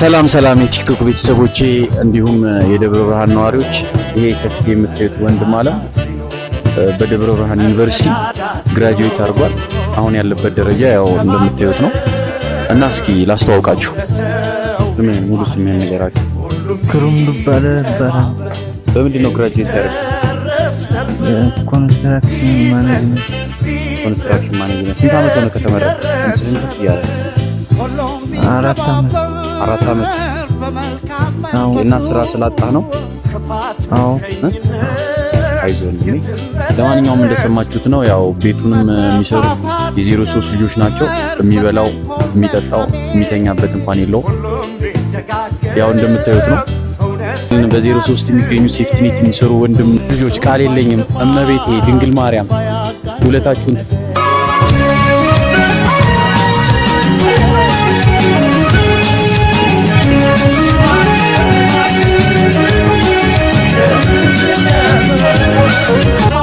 ሰላም ሰላም የቲክቶክ ቤተሰቦቼ እንዲሁም የደብረ ብርሃን ነዋሪዎች፣ ይሄ ከፊት የምታዩት ወንድም አለም በደብረ ብርሃን ዩኒቨርሲቲ ግራጁዌት አድርጓል። አሁን ያለበት ደረጃ ያው እንደምታዩት ነው እና እስኪ ላስተዋውቃችሁ። ስሜን ሙሉ ስሜን ነገራችሁ። ክሩም ዱባለ ይባላል። በምንድን ነው ግራጁዌት ያደረግ? ኮንስትራክሽን ማኔጅመንት። ኮንስትራክሽን ማኔጅመንት። ስንት ዓመት ሆነ ከተመረቀ? አራት አመት አራት ዓመት አዎ። እና ስራ ስላጣህ ነው? አዎ። አይዞን። ለማንኛውም እንደሰማችሁት ነው። ያው ቤቱንም የሚሰሩት የዜሮ ሶስት ልጆች ናቸው። የሚበላው የሚጠጣው የሚተኛበት እንኳን የለውም። ያው እንደምታዩት ነው። በዜሮ ሶስት የሚገኙ ሴፍቲ ኔት የሚሰሩ ወንድም ልጆች ቃል የለኝም። እመቤቴ ድንግል ማርያም ሁለታችሁን i'm